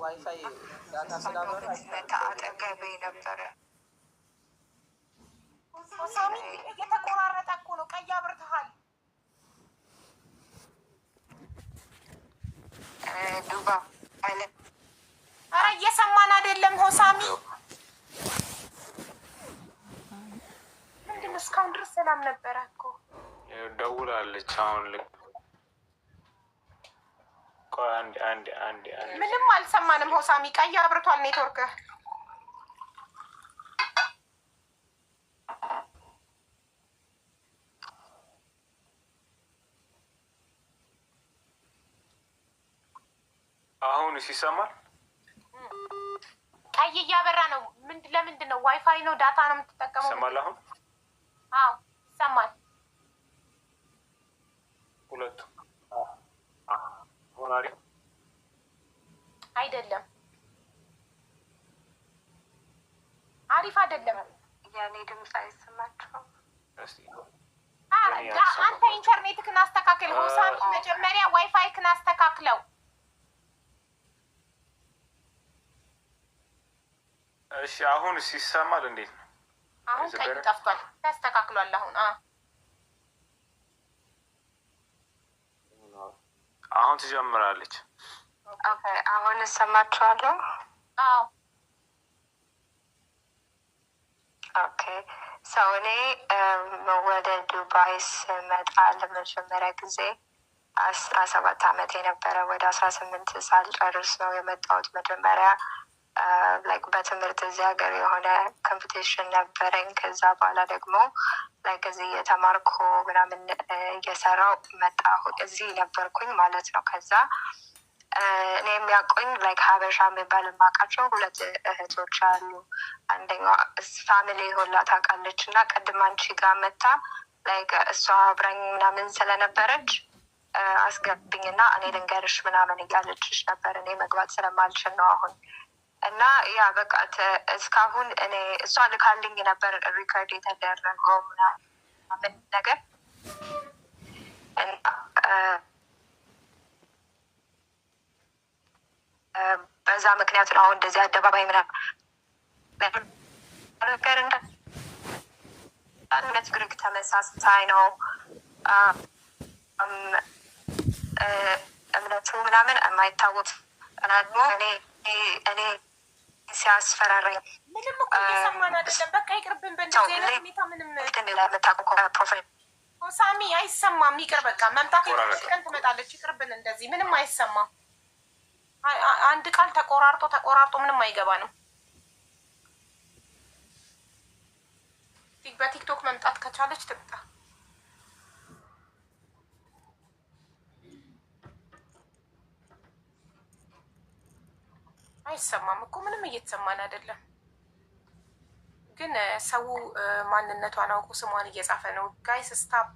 ወይስ ስልኳ ነው? አጠገቤ ነበረ። ሳሚ እየተቆራረጠ እኮ ነው። ቀይ አብርተሃል። ኧረ እየሰማን አይደለም። ሆሳሚ ምንድን ነው? እስካሁን ድረስ ሰላም ነበረ እኮ። ደውላለች አሁን ልክ አንድ አንድ አንድ ምንም አልሰማንም። ሆሳሚ ቀይ አብርቷል ኔትወርክ አሁን ሲሰማል ቀይ እያበራ ነው። ምንድ ለምንድን ነው? ዋይፋይ ነው? ዳታ ነው የምትጠቀመው? ይሰማል አሁን? አዎ ይሰማል ሁለቱ አይደለም፣ አሪፍ አይደለም። የኔ ድምፅ አይሰማችሁም። አንተ ኢንተርኔትህን አስተካክል። ሆሳሚ መጀመሪያ ዋይፋይህን አስተካክለው። እሺ፣ አሁን ሲሰማል እንዴት ነው? አሁን ቀኝ ጠፍቷል። ተስተካክሏል አሁን አሁን ትጀምራለች። አሁን እሰማችኋለሁ። ኦኬ ሰው እኔ ወደ ዱባይ ስመጣ ለመጀመሪያ ጊዜ አስራ ሰባት አመት የነበረ ወደ አስራ ስምንት ሳልጨርስ ነው የመጣሁት መጀመሪያ ላይክ በትምህርት እዚህ ሀገር የሆነ ኮምፒቴሽን ነበረኝ። ከዛ በኋላ ደግሞ ላይክ እዚህ እየተማርኩ ምናምን እየሰራው መጣሁ። እዚህ ነበርኩኝ ማለት ነው። ከዛ እኔ የሚያውቁኝ ላይክ ሀበሻ የሚባል የማውቃቸው ሁለት እህቶች አሉ። አንደኛው ፋሚሊ ሁላ ታውቃለች እና ቅድም አንቺ ጋር መታ ላይክ እሷ አብራኝ ምናምን ስለነበረች አስገብኝና እኔ ልንገርሽ ምናምን እያለችሽ ነበር። እኔ መግባት ስለማልችል ነው አሁን እና ያ በቃ እስካሁን እኔ እሷ ልካልኝ ነበር ሪከርድ የተደረገው ምናምን ነገር በዛ ምክንያት ነው አሁን እንደዚህ አደባባይ ምናምን ነገር እነት ግሪክ ተመሳሳይ ነው እምነቱ ምናምን የማይታወቅ እኔ ሲያስፈራራኝ ምንም እኮ እየሰማን አይደለም። በቃ ይቅርብን። በእንደዚህ አይነት ሁኔታ ምንም ሳሚ አይሰማም። ይቅር በቃ መምጣት ቀን ትመጣለች። ይቅርብን። እንደዚህ ምንም አይሰማም። አንድ ቃል ተቆራርጦ ተቆራርጦ ምንም አይገባንም። በቲክቶክ መምጣት ከቻለች ትምጣ። አይሰማም እኮ ምንም እየተሰማን አይደለም። ግን ሰው ማንነቷን አውቁ ስሟን እየጻፈ ነው። ጋይስ ስታፕ።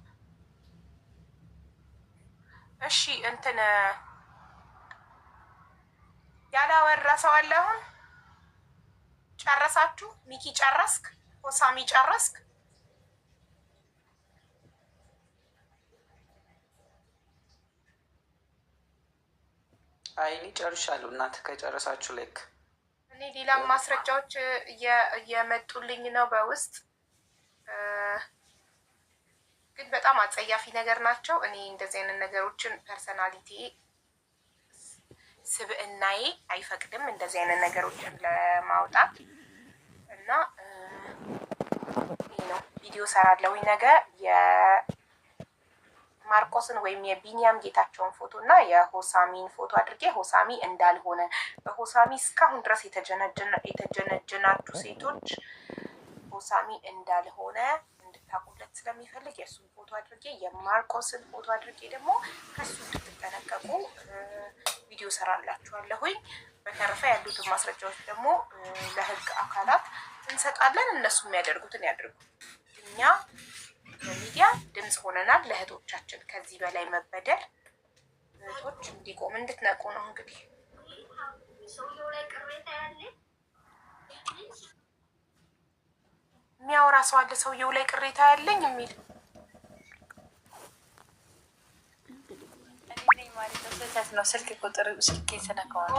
እሺ እንትን ያላወራ ሰው አለ። አሁን ጨረሳችሁ? ሚኪ ጨረስክ? ሆሳሚ ጨረስክ? አይኒ እኔ ጨርሻለሁ። እናንተ ከጨረሳችሁ ልክ እኔ ሌላ ማስረጃዎች እየመጡልኝ ነው በውስጥ ግን በጣም አጸያፊ ነገር ናቸው። እኔ እንደዚህ አይነት ነገሮችን ፐርሰናሊቲ ስብእናዬ አይፈቅድም እንደዚህ አይነት ነገሮችን ለማውጣት እና ነው ቪዲዮ ሰራለሁኝ ነገር ማርቆስን ወይም የቢኒያም ጌታቸውን ፎቶ እና የሆሳሚን ፎቶ አድርጌ ሆሳሚ እንዳልሆነ በሆሳሚ እስካሁን ድረስ የተጀነጀናችሁ ሴቶች ሆሳሚ እንዳልሆነ እንድታቁለት ስለሚፈልግ የእሱን ፎቶ አድርጌ የማርቆስን ፎቶ አድርጌ ደግሞ ከሱ እንድትጠነቀቁ ቪዲዮ ሰራላችኋለሁኝ። በተረፈ ያሉትን ማስረጃዎች ደግሞ ለህግ አካላት እንሰጣለን። እነሱ የሚያደርጉትን ያድርጉ እኛ ሚዲያ ድምፅ ሆነናል ለእህቶቻችን። ከዚህ በላይ መበደል እህቶች እንዲቆም እንድትነቁ ነው እንግዲህ የሚያወራ ሰው አለ። ሰውየው ላይ ቅሬታ ያለኝ የሚል ስህተት ነው። ስልክ ቁጥር ስልክ የተነካዋል።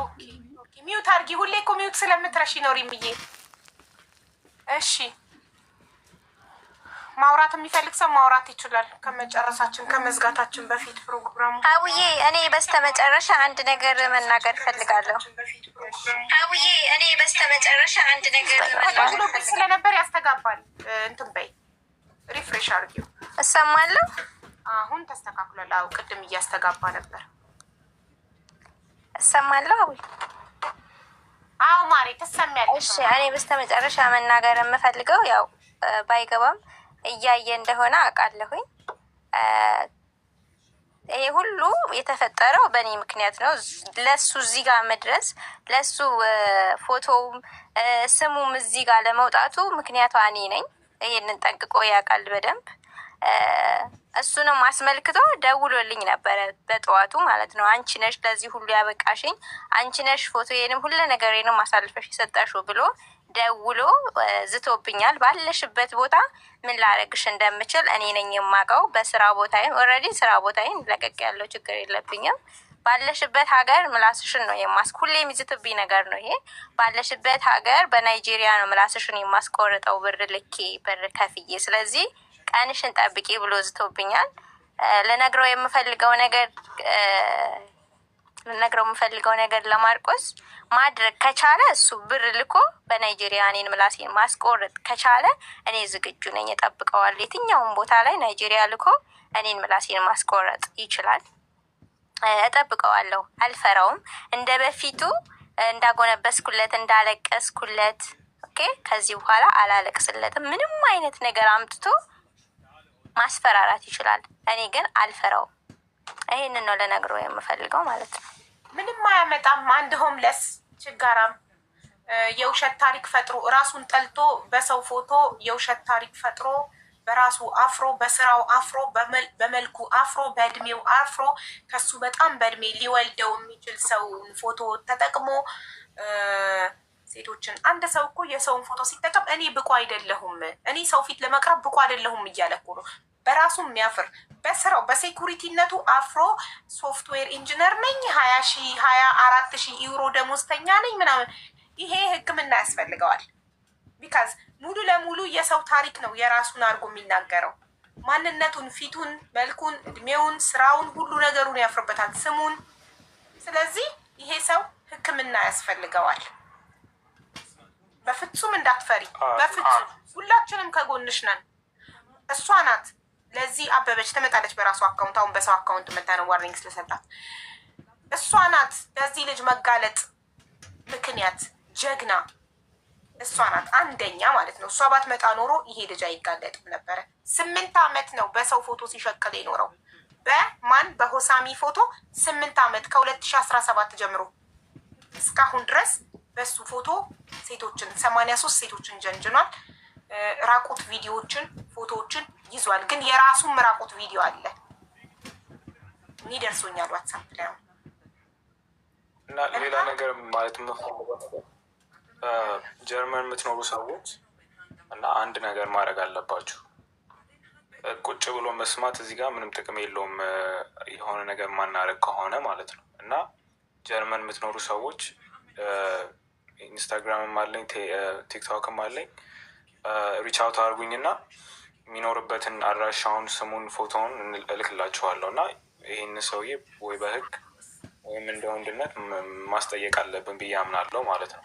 ሚዩት አድርጊ። ሁሌ እኮ ሚዩት ስለምትረሺ ነው ሪምዬ። እሺ ማውራት የሚፈልግ ሰው ማውራት ይችላል። ከመጨረሳችን ከመዝጋታችን በፊት ፕሮግራሙ አውዬ እኔ በስተመጨረሻ አንድ ነገር መናገር ፈልጋለሁ። አውዬ እኔ በስተመጨረሻ አንድ ነገር ስለነበር ያስተጋባል። እንትን በይ ሪፍሬሽ አድርጊው። እሰማለሁ። አሁን ተስተካክሏል። አው ቅድም እያስተጋባ ነበር። እሰማለሁ። አው አዎ፣ ማሬ ትሰሚያለሽ። እሺ እኔ በስተመጨረሻ መናገር የምፈልገው ያው ባይገባም እያየ እንደሆነ አውቃለሁኝ። ይሄ ሁሉ የተፈጠረው በእኔ ምክንያት ነው። ለሱ እዚህ ጋር መድረስ ለሱ ፎቶውም ስሙም እዚህ ጋር ለመውጣቱ ምክንያቷ እኔ ነኝ። ይሄንን ጠንቅቆ ያውቃል በደንብ። እሱንም አስመልክቶ ደውሎልኝ ነበረ በጠዋቱ ማለት ነው። አንቺ ነሽ ለዚህ ሁሉ ያበቃሽኝ፣ አንቺ ነሽ ፎቶዬንም ሁለ ነገሬንም አሳልፈሽ የሰጠሽው ብሎ ደውሎ ዝቶብኛል። ባለሽበት ቦታ ምን ላረግሽ እንደምችል እኔ ነኝ የማውቀው። በስራ ቦታዬን ኦልሬዲ ስራ ቦታዬን ለቀቅ ያለው ችግር የለብኝም። ባለሽበት ሀገር ምላስሽን ነው የማስ ሁሌ የሚዝትብኝ ነገር ነው ይሄ። ባለሽበት ሀገር በናይጄሪያ ነው ምላስሽን የማስቆርጠው ብር ልኬ ብር ከፍዬ፣ ስለዚህ ቀንሽን ጠብቂ ብሎ ዝቶብኛል። ልነግረው የምፈልገው ነገር ልነግረው የምፈልገው ነገር ለማርቆስ ማድረግ ከቻለ እሱ ብር ልኮ በናይጄሪያ እኔን ምላሴን ማስቆረጥ ከቻለ እኔ ዝግጁ ነኝ፣ እጠብቀዋለሁ። የትኛውም ቦታ ላይ ናይጄሪያ ልኮ እኔን ምላሴን ማስቆረጥ ይችላል፣ እጠብቀዋለሁ። አልፈራውም። እንደ በፊቱ እንዳጎነበስኩለት እንዳለቀስኩለት፣ ኦኬ፣ ከዚህ በኋላ አላለቅስለትም። ምንም አይነት ነገር አምጥቶ ማስፈራራት ይችላል። እኔ ግን አልፈራውም። ይህንን ነው ለነግሮ የምፈልገው ማለት ነው። ምንም አያመጣም። አንድ ሆምለስ ችጋራም የውሸት ታሪክ ፈጥሮ እራሱን ጠልቶ በሰው ፎቶ የውሸት ታሪክ ፈጥሮ በራሱ አፍሮ በስራው አፍሮ በመልኩ አፍሮ በእድሜው አፍሮ ከሱ በጣም በእድሜ ሊወልደው የሚችል ሰውን ፎቶ ተጠቅሞ ሴቶችን አንድ ሰው እኮ የሰውን ፎቶ ሲጠቀም እኔ ብቁ አይደለሁም፣ እኔ ሰው ፊት ለመቅረብ ብቁ አይደለሁም እያለ እኮ ነው። በራሱ የሚያፍር በስራው በሴኩሪቲነቱ አፍሮ ሶፍትዌር ኢንጂነር ነኝ ሀያ ሺ ሀያ አራት ሺ ዩሮ ደሞዝተኛ ነኝ ምናምን ይሄ ህክምና ያስፈልገዋል። ቢካዝ ሙሉ ለሙሉ የሰው ታሪክ ነው የራሱን አድርጎ የሚናገረው ማንነቱን፣ ፊቱን፣ መልኩን፣ እድሜውን፣ ስራውን፣ ሁሉ ነገሩን ያፍርበታል፣ ስሙን። ስለዚህ ይሄ ሰው ህክምና ያስፈልገዋል። በፍጹም እንዳትፈሪ፣ በፍጹም ሁላችንም ከጎንሽ ነን። እሷ ናት ለዚህ አበበች ትመጣለች በራሱ አካውንት። አሁን በሰው አካውንት መታነ ዋርኒንግ ስለሰጣት እሷ ናት ለዚህ ልጅ መጋለጥ ምክንያት ጀግና እሷ ናት አንደኛ ማለት ነው። እሷ ባትመጣ ኖሮ ይሄ ልጅ አይጋለጥም ነበረ። ስምንት ዓመት ነው በሰው ፎቶ ሲሸቀል የኖረው በማን በሆሳሚ ፎቶ ስምንት ዓመት ከሁለት ሺ አስራ ሰባት ጀምሮ እስካሁን ድረስ በሱ ፎቶ ሴቶችን ሰማንያ ሶስት ሴቶችን ጀንጅኗል። ራቁት ቪዲዮዎችን ፎቶዎችን ይዟል። ግን የራሱ ምራቁት ቪዲዮ አለ። እኔ ዋትሳፕ ላይ እና ሌላ ነገር ማለት ጀርመን የምትኖሩ ሰዎች እና አንድ ነገር ማድረግ አለባችሁ። ቁጭ ብሎ መስማት እዚህ ጋር ምንም ጥቅም የለውም፣ የሆነ ነገር ማናደርግ ከሆነ ማለት ነው። እና ጀርመን የምትኖሩ ሰዎች ኢንስታግራምም አለኝ ቲክቶክም አለኝ፣ ሪቻውት አውት አድርጉኝ እና የሚኖርበትን አድራሻውን፣ ስሙን፣ ፎቶውን እልክላችኋለሁ እና ይህን ሰውዬ ወይ በህግ ወይም እንደ ወንድነት ማስጠየቅ አለብን ብዬ አምናለሁ ማለት ነው።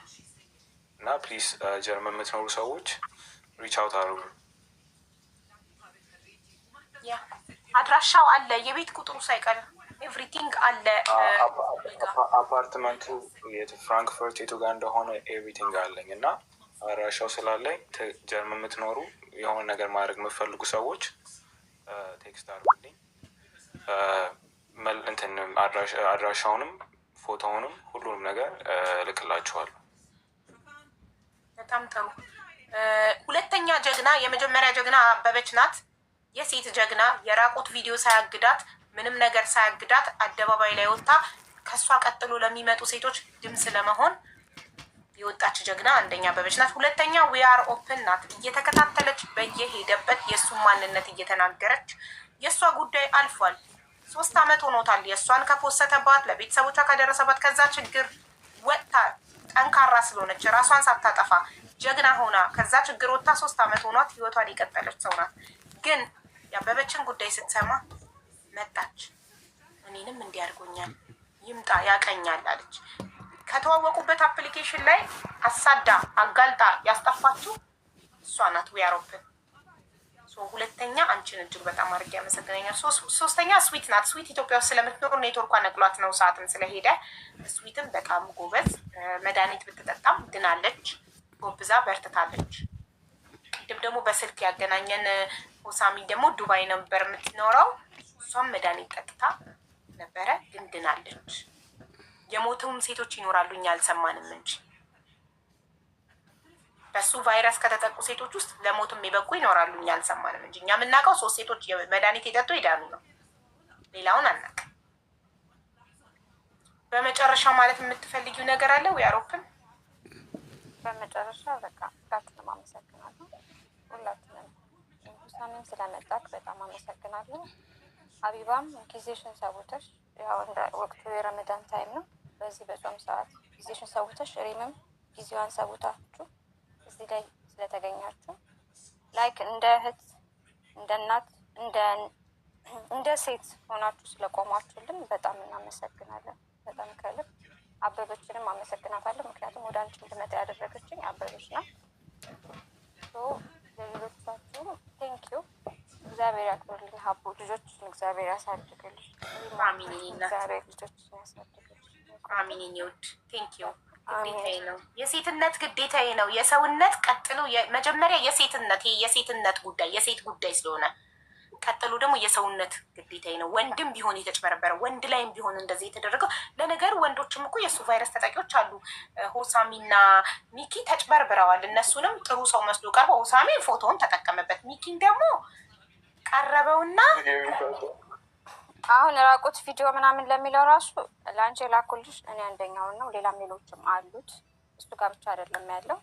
እና ፕሊስ ጀርመን የምትኖሩ ሰዎች ሪች አውት አድርጉ። አድራሻው አለ፣ የቤት ቁጥሩ ሳይቀር ኤቭሪቲንግ አለ። አፓርትመንቱ ፍራንክፈርት የቱ ጋር እንደሆነ ኤቭሪቲንግ አለኝ እና አድራሻው ስላለኝ ጀርመን የምትኖሩ የሆነ ነገር ማድረግ የምፈልጉ ሰዎች ቴክስት አድርጉልኝ። እንትን አድራሻውንም ፎቶውንም ሁሉንም ነገር እልክላችኋለሁ። በጣም ጥሩ። ሁለተኛ ጀግና የመጀመሪያ ጀግና አበበች ናት። የሴት ጀግና የራቁት ቪዲዮ ሳያግዳት ምንም ነገር ሳያግዳት አደባባይ ላይ ወጥታ ከእሷ ቀጥሎ ለሚመጡ ሴቶች ድምፅ ለመሆን የወጣች ጀግና አንደኛ አበበች ናት። ሁለተኛ ዊአር ኦፕን ናት፣ እየተከታተለች በየሄደበት የእሱን ማንነት እየተናገረች የእሷ ጉዳይ አልፏል። ሶስት አመት ሆኖታል። የእሷን ከፖሰተባት ለቤተሰቦቿ ከደረሰባት ከዛ ችግር ወጥታ ጠንካራ ስለሆነች ራሷን ሳታጠፋ ጀግና ሆና ከዛ ችግር ወጥታ ሶስት አመት ሆኗት ህይወቷን የቀጠለች ሰው ናት። ግን ያበበችን ጉዳይ ስትሰማ መጣች። እኔንም እንዲያድርጎኛል ይምጣ ያቀኛል አለች። ከተዋወቁበት አፕሊኬሽን ላይ አሳዳ አጋልጣ ያስጠፋችው እሷ ናት። ዊያሮብን ሁለተኛ አንቺን እጅግ በጣም አድርጌ ያመሰግነኛል። ሶስተኛ ስዊት ናት። ስዊት ኢትዮጵያ ውስጥ ስለምትኖሩ ኔትወርኳ ነቅሏት ነው ሰዓትም ስለሄደ ስዊትም በጣም ጎበዝ መድኃኒት ብትጠጣም ድናለች። ጎብዛ በርትታለች። ድም ደግሞ በስልክ ያገናኘን ሆሳሚ ደግሞ ዱባይ ነበር የምትኖረው። እሷም መድኃኒት ጠጥታ ነበረ ግን ድናለች። የሞተውም ሴቶች ይኖራሉ፣ እኛ አልሰማንም እንጂ በሱ ቫይረስ ከተጠቁ ሴቶች ውስጥ ለሞት የሚበቁ ይኖራሉ፣ እኛ አልሰማንም እንጂ እኛ የምናውቀው ሶስት ሴቶች መድኃኒት የጠጡ ይዳኑ ነው። ሌላውን አናውቅም። በመጨረሻ ማለት የምትፈልጊው ነገር አለ ወይ አውሮፕን? በመጨረሻ በቃ ሁላችንም አመሰግናለሁ። ሁላችንም ሳሚም ስለመጣክ በጣም አመሰግናለሁ። አቢባም ጊዜሽን ሰቦተሽ ያው ወቅቱ የረመዳን ታይም ነው በዚህ በጾም ሰዓት ጊዜሽን ሰውተሽ ሪምም ጊዜዋን ሰውታችሁ እዚህ ላይ ስለተገኛችሁ ላይክ እንደ እህት እንደ እናት እንደ ሴት ሆናችሁ ስለቆማችሁልን በጣም እናመሰግናለን። በጣም ከልብ አበበችንም አመሰግናታለሁ። ምክንያቱም ወደ አንቺ እንድመጣ ያደረገችኝ አበበች ናት። ለሌሎቻችሁም ቴንክ ዩ። እግዚአብሔር ያክብርልኝ። ሀቦ ልጆችን እግዚአብሔር ያሳድግልሽ። እግዚአብሔር ልጆችን ያሳድግልሽ። አሚን ኒውድ ቴንክ ዩ ግዴታዬ ነው። የሴትነት ግዴታዬ ነው። የሰውነት ቀጥሎ መጀመሪያ የሴትነት የሴትነት ጉዳይ የሴት ጉዳይ ስለሆነ ቀጥሎ ደግሞ የሰውነት ግዴታዬ ነው። ወንድም ቢሆን የተጭበረበረ ወንድ ላይም ቢሆን እንደዚህ የተደረገው ለነገር ወንዶችም እኮ የእሱ ቫይረስ ተጠቂዎች አሉ። ሆሳሚና ሚኪ ተጭበርብረዋል። እነሱንም ጥሩ ሰው መስሎ ቀርበው ሆሳሚ ፎቶውን ተጠቀመበት፣ ሚኪን ደግሞ ቀረበውና አሁን ራቁት ቪዲዮ ምናምን ለሚለው ራሱ ለአንቺ የላኩልሽ እኔ አንደኛውን ነው። ሌላም ሌሎችም አሉት። እሱ ጋር ብቻ አይደለም ያለው።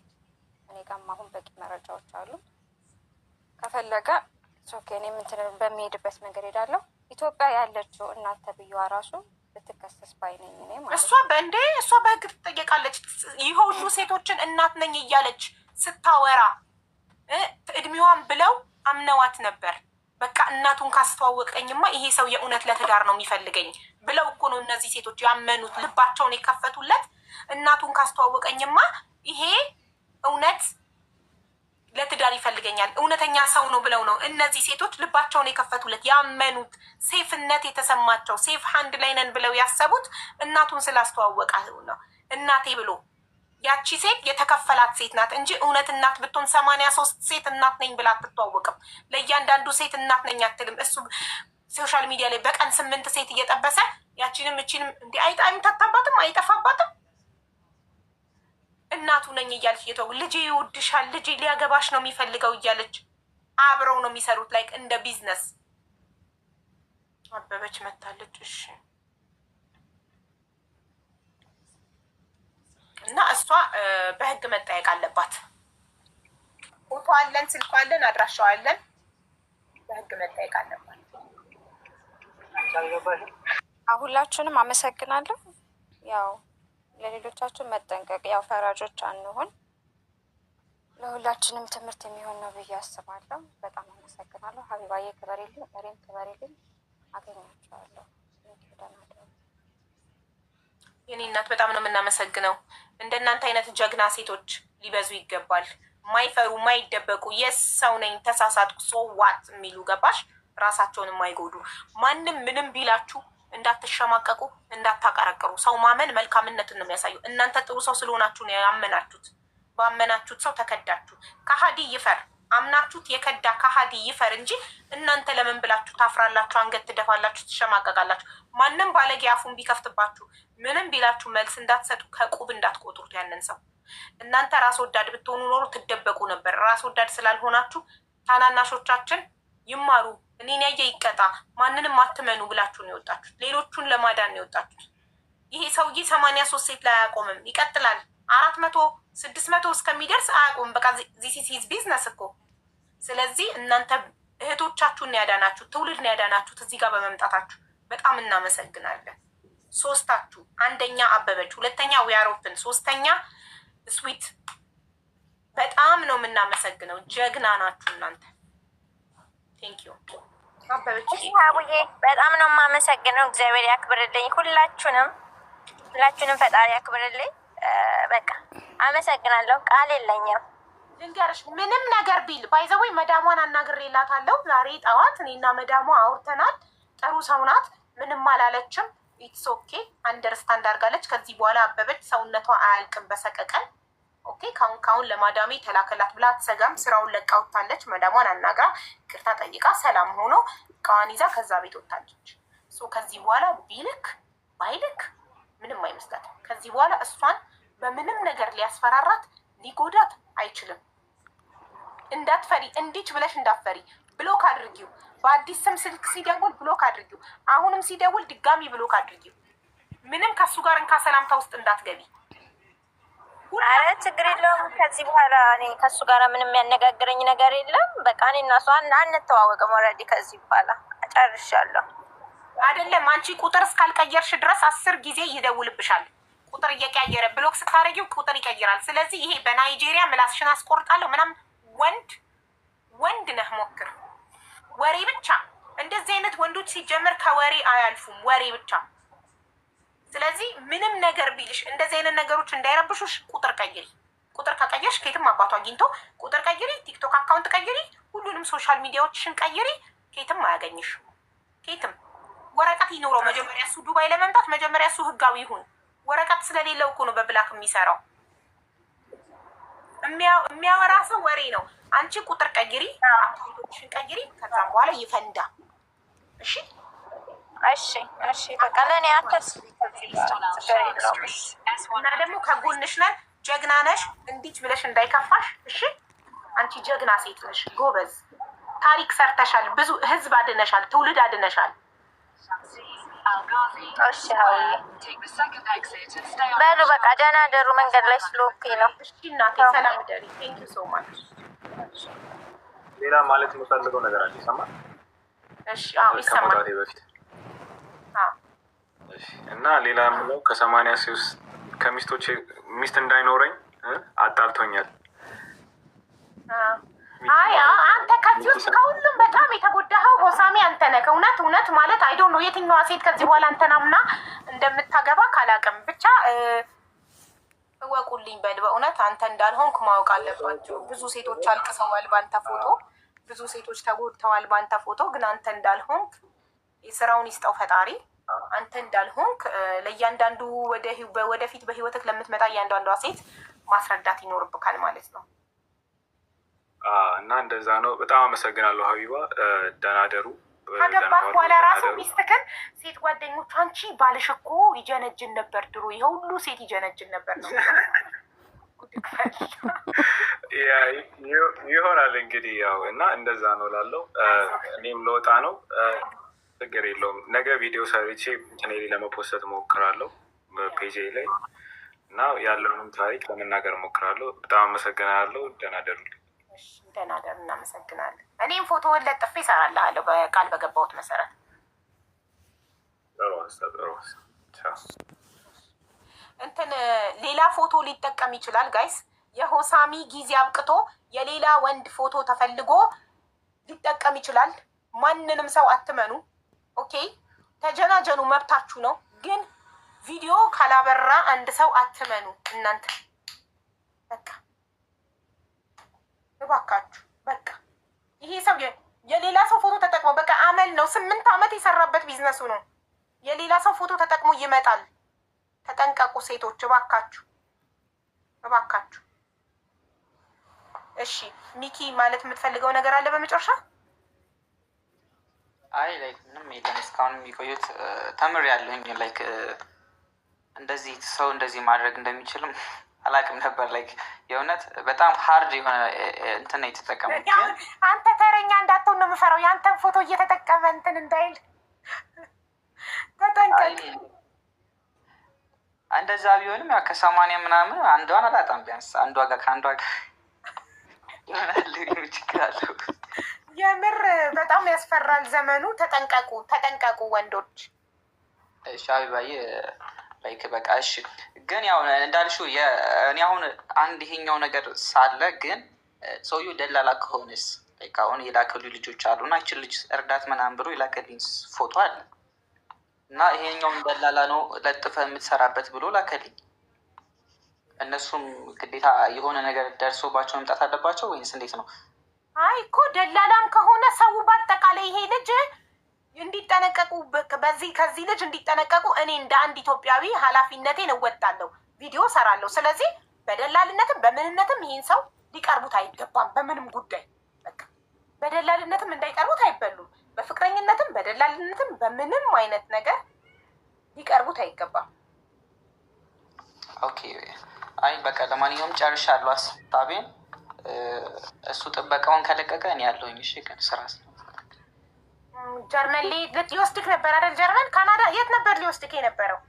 እኔ ጋም አሁን በቂ መረጃዎች አሉ። ከፈለገ ሶኬ እኔ ምንትን በሚሄድበት መንገድ ሄዳለሁ። ኢትዮጵያ ያለችው እናት ተብዬዋ ራሱ ብትከሰስ ባይነኝ እኔ ማለት እሷ በእንዴ እሷ በህግ ትጠየቃለች። ይህ ሁሉ ሴቶችን እናት ነኝ እያለች ስታወራ እድሜዋን ብለው አምነዋት ነበር። በቃ እናቱን ካስተዋወቀኝማ ይሄ ሰው የእውነት ለትዳር ነው የሚፈልገኝ ብለው እኮ ነው እነዚህ ሴቶች ያመኑት፣ ልባቸውን የከፈቱለት። እናቱን ካስተዋወቀኝማ ይሄ እውነት ለትዳር ይፈልገኛል፣ እውነተኛ ሰው ነው ብለው ነው እነዚህ ሴቶች ልባቸውን የከፈቱለት ያመኑት፣ ሴፍነት የተሰማቸው ሴፍ ሀንድ ላይ ነን ብለው ያሰቡት እናቱን ስላስተዋወቃ ነው እናቴ ብሎ ያቺ ሴት የተከፈላት ሴት ናት እንጂ እውነት እናት ብትሆን ሰማንያ ሶስት ሴት እናት ነኝ ብላ አትተዋወቅም። ለእያንዳንዱ ሴት እናት ነኝ አትልም። እሱ ሶሻል ሚዲያ ላይ በቀን ስምንት ሴት እየጠበሰ ያቺንም እቺንም እንዲ አይምታታባትም፣ አይጠፋባትም። እናቱ ነኝ እያለች እየተው ልጄ ይወድሻል፣ ልጄ ሊያገባሽ ነው የሚፈልገው እያለች አብረው ነው የሚሰሩት። ላይክ እንደ ቢዝነስ አበበች መታለች። እሺ እና እሷ በህግ መጠየቅ አለባት። ፎቶ አለን፣ ስልኳ አለን፣ አድራሻዋ አለን። በህግ መጠየቅ አለባት። ሁላችንም አመሰግናለሁ። ያው ለሌሎቻችን መጠንቀቅ ያው ፈራጆች አንሆን ለሁላችንም ትምህርት የሚሆን ነው ብዬ አስባለሁ። በጣም አመሰግናለሁ። ሀቢባዬ ክበሬልኝ፣ እሬም ክበሬልኝ። አገኛቸዋለሁ። የኔ እናት፣ በጣም ነው የምናመሰግነው። እንደናንተ አይነት ጀግና ሴቶች ሊበዙ ይገባል። ማይፈሩ ማይደበቁ የሰው ነኝ ተሳሳትኩ ሶዋት የሚሉ ገባሽ፣ ራሳቸውን የማይጎዱ ማንም ምንም ቢላችሁ እንዳትሸማቀቁ እንዳታቀረቅሩ። ሰው ማመን መልካምነትን ነው የሚያሳየው። እናንተ ጥሩ ሰው ስለሆናችሁ ነው ያመናችሁት። ባመናችሁት ሰው ተከዳችሁ። ከሀዲ ይፈር አምናችሁት የከዳ ከሀዲ ይፈር እንጂ እናንተ ለምን ብላችሁ ታፍራላችሁ? አንገት ትደፋላችሁ፣ ትሸማቀቃላችሁ። ማንም ባለጌ አፉን ቢከፍትባችሁ ምንም ቢላችሁ መልስ እንዳትሰጡ፣ ከቁብ እንዳትቆጥሩት ያንን ሰው። እናንተ ራስ ወዳድ ብትሆኑ ኖሮ ትደበቁ ነበር። ራስ ወዳድ ስላልሆናችሁ ታናናሾቻችን ይማሩ፣ እኔን ያየ ይቀጣ፣ ማንንም አትመኑ ብላችሁ ነው የወጣችሁት። ሌሎቹን ለማዳን ነው የወጣችሁት። ይሄ ሰውዬ ሰማንያ ሶስት ሴት ላይ አያቆምም፣ ይቀጥላል። አራት መቶ ስድስት መቶ እስከሚደርስ አያቆም። በቃ ዚስ ኢዝ ቢዝነስ እኮ ስለዚህ እናንተ እህቶቻችሁን ያዳናችሁ ትውልድ ያዳናችሁት እዚህ ጋር በመምጣታችሁ በጣም እናመሰግናለን። ሶስታችሁ፣ አንደኛ አበበች፣ ሁለተኛ ዊያሮፕን፣ ሶስተኛ ስዊት፣ በጣም ነው የምናመሰግነው። ጀግና ናችሁ እናንተ። ቴንክ ዩ አበበች። በጣም ነው የማመሰግነው። እግዚአብሔር ያክብርልኝ ሁላችሁንም፣ ሁላችሁንም ፈጣሪ ያክብርልኝ። በቃ አመሰግናለሁ። ቃል የለኝም። ልንገርሽ ምንም ነገር ቢል ባይዘወይ መዳሟን አናግሬላታለሁ ዛሬ ጠዋት። እኔና መዳሟ አውርተናል። ጥሩ ሰው ናት። ምንም አላለችም። ኢትስ ኦኬ አንደርስታንድ አድርጋለች። ከዚህ በኋላ አበበች ሰውነቷ አያልቅም በሰቀቀን። ኦኬ ካሁን ካሁን ለማዳሜ ተላከላት ብላ አትሰጋም። ስራውን ለቃ ወጥታለች። መዳሟን አናግራ ቅርታ ጠይቃ ሰላም ሆኖ እቃዋን ይዛ ከዛ ቤት ወጥታለች። ከዚህ በኋላ ቢልክ ባይልክ ምንም አይመስላትም። ከዚህ በኋላ እሷን በምንም ነገር ሊያስፈራራት ሊጎዳት አይችልም። እንዳትፈሪ እንዲች ብለሽ እንዳትፈሪ ብሎክ አድርጊው። በአዲስ ስም ስልክ ሲደውል ብሎክ አድርጊው። አሁንም ሲደውል ድጋሚ ብሎክ አድርጊው። ምንም ከሱ ጋር እንካ ሰላምታ ውስጥ እንዳትገቢ። አረ ችግር የለውም። ከዚህ በኋላ እኔ ከሱ ጋር ምንም ያነጋግረኝ ነገር የለም። በቃ እኔ እና እሷ አንተዋወቅም። ኦልሬዲ ከዚህ በኋላ ጨርሻለሁ። አይደለም አንቺ ቁጥር እስካልቀየርሽ ድረስ አስር ጊዜ ይደውልብሻል። ቁጥር እየቀያየረ ብሎክ ስታረጊው ቁጥር ይቀይራል። ስለዚህ ይሄ በናይጄሪያ ምላስሽን አስቆርጣለሁ ምናምን ወንድ ወንድ ነህ ሞክር። ወሬ ብቻ እንደዚህ አይነት ወንዶች ሲጀምር ከወሬ አያልፉም፣ ወሬ ብቻ። ስለዚህ ምንም ነገር ቢልሽ እንደዚህ አይነት ነገሮች እንዳይረብሹሽ ቁጥር ቀይሪ። ቁጥር ከቀየርሽ ከየትም አባቱ አግኝቶ ቁጥር ቀይሪ፣ ቲክቶክ አካውንት ቀይሪ፣ ሁሉንም ሶሻል ሚዲያዎችሽን ቀይሪ። ከየትም አያገኝሽ። ከየትም ወረቀት ይኖረው መጀመሪያ እሱ ዱባይ ለመምጣት መጀመሪያ እሱ ህጋዊ ይሁን። ወረቀት ስለሌለው እኮ ነው በብላክ የሚሰራው። የሚያወራ ሰው ወሬ ነው። አንቺ ቁጥር ቀይሪ፣ ሽን ቀይሪ፣ ከዛ በኋላ ይፈንዳ። እሺ፣ እሺ፣ እሺ። በቃ ለእኔ እና ደግሞ ከጎንሽ ነን፣ ጀግና ነሽ፣ እንዲች ብለሽ እንዳይከፋሽ። እሺ፣ አንቺ ጀግና ሴት ነሽ፣ ጎበዝ። ታሪክ ሰርተሻል፣ ብዙ ህዝብ አድነሻል፣ ትውልድ አድነሻል። በሉ በቃ ደህና ደሩ። መንገድ ላይ ስለሆንኩ ነው። ሌላ ማለት የምፈልገው ነገር አለ። ይሰማል በፊት እና ሌላ የምለው ከሰማንያ ሶስት ከሚስቶቼ ሚስት እንዳይኖረኝ አጣልቶኛል። አይ አንተ ከዚህ ከሁሉም በጣም የተጎዳኸው ሆሳሚ አንተ ነህ። እውነት እውነት ማለት አይዶ ነው። የትኛዋ ሴት ከዚህ በኋላ አንተን አምና እንደምታገባ ካላቅም ብቻ እወቁልኝ በል። በእውነት አንተ እንዳልሆንክ ማወቅ አለባቸው። ብዙ ሴቶች አልቅሰዋል በአንተ ፎቶ፣ ብዙ ሴቶች ተጎድተዋል በአንተ ፎቶ። ግን አንተ እንዳልሆንክ የስራውን ይስጠው ፈጣሪ። አንተ እንዳልሆንክ ለእያንዳንዱ ወደፊት በህይወትህ ለምትመጣ እያንዳንዷ ሴት ማስረዳት ይኖርብካል ማለት ነው። እና እንደዛ ነው። በጣም አመሰግናለሁ ሀቢባ። ደህና ደሩ። ካገባህ በኋላ ራሱ ሚስትክን ሴት ጓደኞቹ አንቺ ባልሽ እኮ ይጀነጅን ነበር ድሮ፣ ይሄ ሁሉ ሴት ይጀነጅን ነበር ነው ይሆናል እንግዲህ ያው እና እንደዛ ነው ላለው እኔም ለወጣ ነው። ችግር የለውም። ነገ ቪዲዮ ሰርቼ ቻናሌ ለመፖሰት ሞክራለሁ ፔጄ ላይ እና ያለውንም ታሪክ ለመናገር ሞክራለሁ። በጣም አመሰግናለሁ። ደህና ደሩልኝ። ደህና ደር። እናመሰግናለን። እኔም ፎቶውን ለጥፌ እሰራልሃለሁ በቃል በገባሁት መሰረት። እንትን ሌላ ፎቶ ሊጠቀም ይችላል። ጋይስ የሆሳሚ ጊዜ አብቅቶ የሌላ ወንድ ፎቶ ተፈልጎ ሊጠቀም ይችላል። ማንንም ሰው አትመኑ። ኦኬ ተጀናጀኑ፣ መብታችሁ ነው። ግን ቪዲዮ ካላበራ አንድ ሰው አትመኑ እናንተ በቃ እባካችሁ በቃ ይሄ ሰው የሌላ ሰው ፎቶ ተጠቅሞ በቃ አመል ነው። ስምንት ዓመት የሰራበት ቢዝነሱ ነው። የሌላ ሰው ፎቶ ተጠቅሞ ይመጣል። ተጠንቀቁ ሴቶች፣ እባካችሁ እባካችሁ። እሺ ሚኪ፣ ማለት የምትፈልገው ነገር አለ በመጨረሻ? አይ ላይክ ምንም የለም። እስካሁን የሚቆዩት ተምሬያለሁኝ። ላይክ እንደዚህ ሰው እንደዚህ ማድረግ እንደሚችልም አላቅም ነበር። ላይክ የእውነት በጣም ሀርድ የሆነ እንትን የተጠቀመ አንተ ተረኛ እንዳትሆን ነው የምፈራው። የአንተን ፎቶ እየተጠቀመ እንትን እንዳይል ተጠንቀቅ። እንደዛ ቢሆንም ያው ከሰማንያ ምናምን አንዷን አላጣም። ቢያንስ አንዷ ጋር ከአንዷ ጋር ይሆናል ችግር የምር በጣም ያስፈራል ዘመኑ። ተጠንቀቁ፣ ተጠንቀቁ ወንዶች። ሻቢባዬ ላይክ በቃ እሺ። ግን ያው እንዳልሽው እኔ አሁን አንድ ይሄኛው ነገር ሳለ ግን ሰውዬው ደላላ ከሆነስ ላይክ አሁን የላከልኝ ልጆች አሉ እና ይችን ልጅ እርዳት ምናምን ብሎ የላከልኝ ፎቶ አለ እና ይሄኛውን ደላላ ነው ለጥፈ የምትሰራበት ብሎ ላከልኝ። እነሱም ግዴታ የሆነ ነገር ደርሶባቸው መምጣት አለባቸው ወይንስ እንዴት ነው? አይ እኮ ደላላም ከሆነ ሰው በአጠቃላይ ይሄ ልጅ እንዲጠነቀቁ በዚህ ከዚህ ልጅ እንዲጠነቀቁ እኔ እንደ አንድ ኢትዮጵያዊ ኃላፊነቴን እወጣለሁ። ቪዲዮ ሰራለሁ። ስለዚህ በደላልነትም በምንነትም ይህን ሰው ሊቀርቡት አይገባም። በምንም ጉዳይ በደላልነትም እንዳይቀርቡት አይበሉም። በፍቅረኝነትም በደላልነትም በምንም አይነት ነገር ሊቀርቡት አይገባም። ኦኬ። አይ በቃ ለማንኛውም ጨርሻለሁ አስታቤን እሱ ጥበቃውን ከለቀቀ እኔ ያለውኝ እሺ ግን ስራ ጀርመን ሊወስድክ ነበር አይደል? ጀርመን ካናዳ፣ የት ነበር ሊወስድክ የነበረው?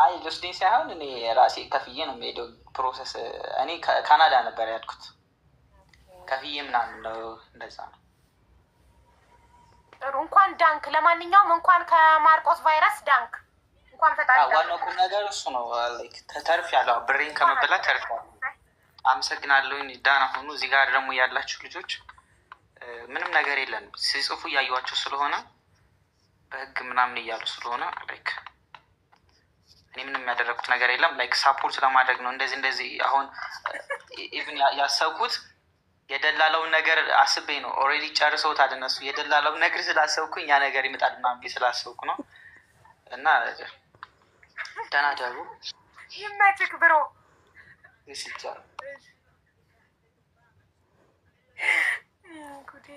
አይ ልወስደኝ ሳይሆን እኔ ራሴ ከፍዬ ነው የምሄደው። ፕሮሰስ እኔ ካናዳ ነበር ያልኩት፣ ከፍዬ ምናምን ነው። እንደዛ ነው። ጥሩ እንኳን ዳንክ። ለማንኛውም እንኳን ከማርቆስ ቫይረስ ዳንክ። እንኳን ፈጣሪ ዋናው ቁም ነገር እሱ ነው። ተርፍ ያለው ብሬን ከመበላ ተርፍ ያለው። አመሰግናለሁ ዳና ሆኑ። እዚህ ጋር ደግሞ ያላችሁ ልጆች ምንም ነገር የለም ሲጽፉ እያየዋቸው ስለሆነ በህግ ምናምን እያሉ ስለሆነ ላይክ እኔ ምንም ያደረግኩት ነገር የለም። ላይክ ሳፖርት ለማድረግ ነው እንደዚህ እንደዚህ። አሁን ኢቭን ያሰብኩት የደላለውን ነገር አስቤ ነው። ኦልሬዲ ጨርሰውታል እነሱ። የደላለውን ነገር ስላሰብኩ እኛ ነገር ይመጣል ምናምን ስላሰብኩ ነው። እና ደህና ደሩ ይመችክ ብሮ ጉዴ!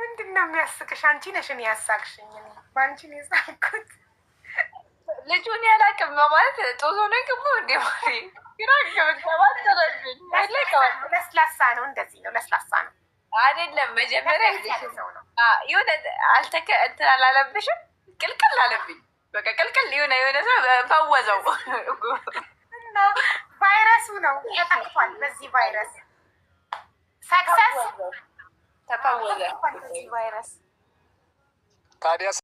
ምንድን ነው የሚያስቅሽ? አንቺ ነሽ እኔ ያሳቅሽኝ። በአንቺ ነው የሳቅኩት። ልጁን ያላቅም ነው ጦዞ ነው ግሞ እንዲ ለስላሳ ነው። እንደዚህ ነው ለስላሳ ነው አይደለም። መጀመሪያ የሆነ አልተከ እንትን አላለብሽም? ቅልቅል አለብኝ። በቃ ቅልቅል የሆነ የሆነ ሰው ፈወዘው። ቫይረሱ ነው ተጠቅቷል። በዚህ ቫይረስ ሰክሰስ a muda. Estaría